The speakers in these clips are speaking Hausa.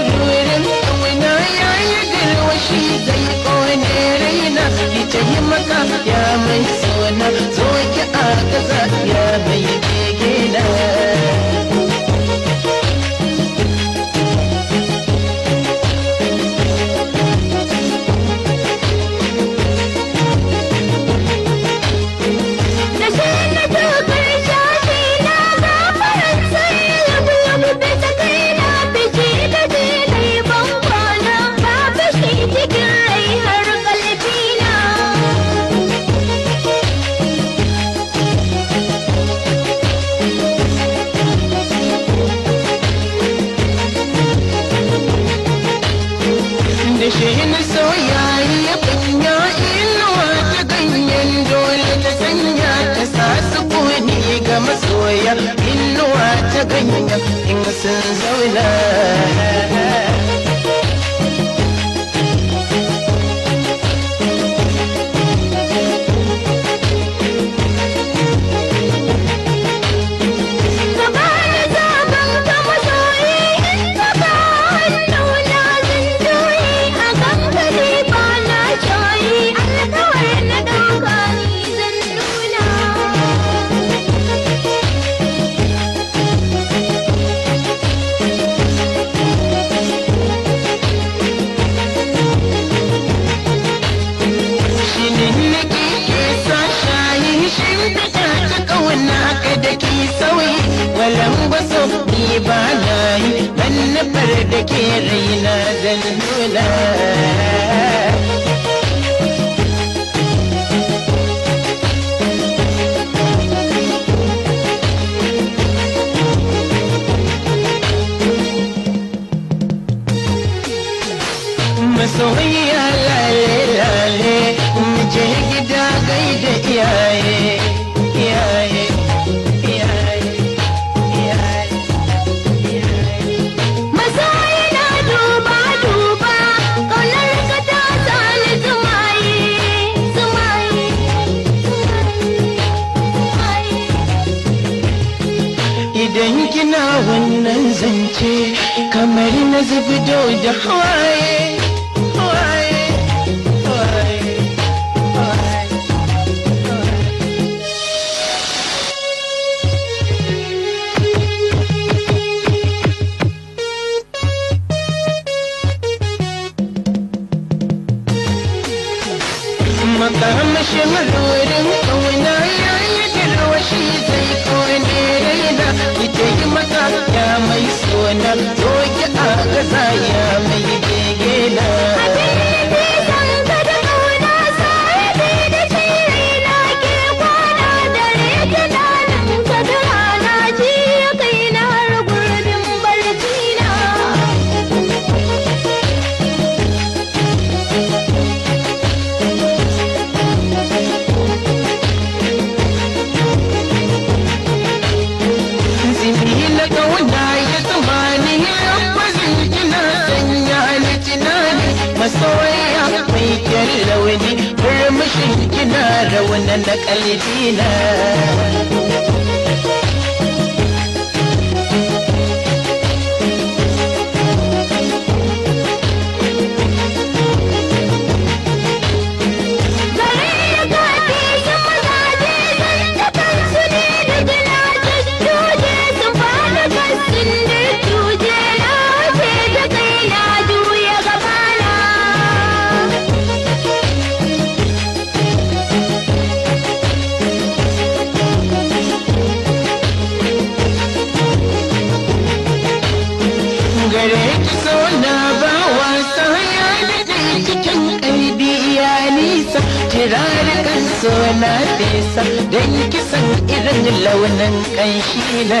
burin kauna ya yi dirwashi zai kone raina ki taimaka ya mai sona zo ki a ƙasa ya mai keke na soyayya kunya inuwa ta ganyen dole ta sanya ta sa sukuni ga masoya inuwa ta ganyen in sun zauna da ta kauna ka da ki sauyi walan ba sauki ba na yi ban nufar da ke raina zan nuna Masoyiya lale lale, mu je gida gaida iyaye. danki na wannan zance kamar na zubdo da hawaye makamashin rurin kauna yayin girwashi zai kawo ku je ki mata ya mai suna doki shin kina rauna na kalidina na fesa don kisan irin launin kanshi na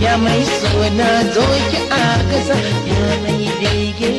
ya mai suna zo ki a gasa ya mai bege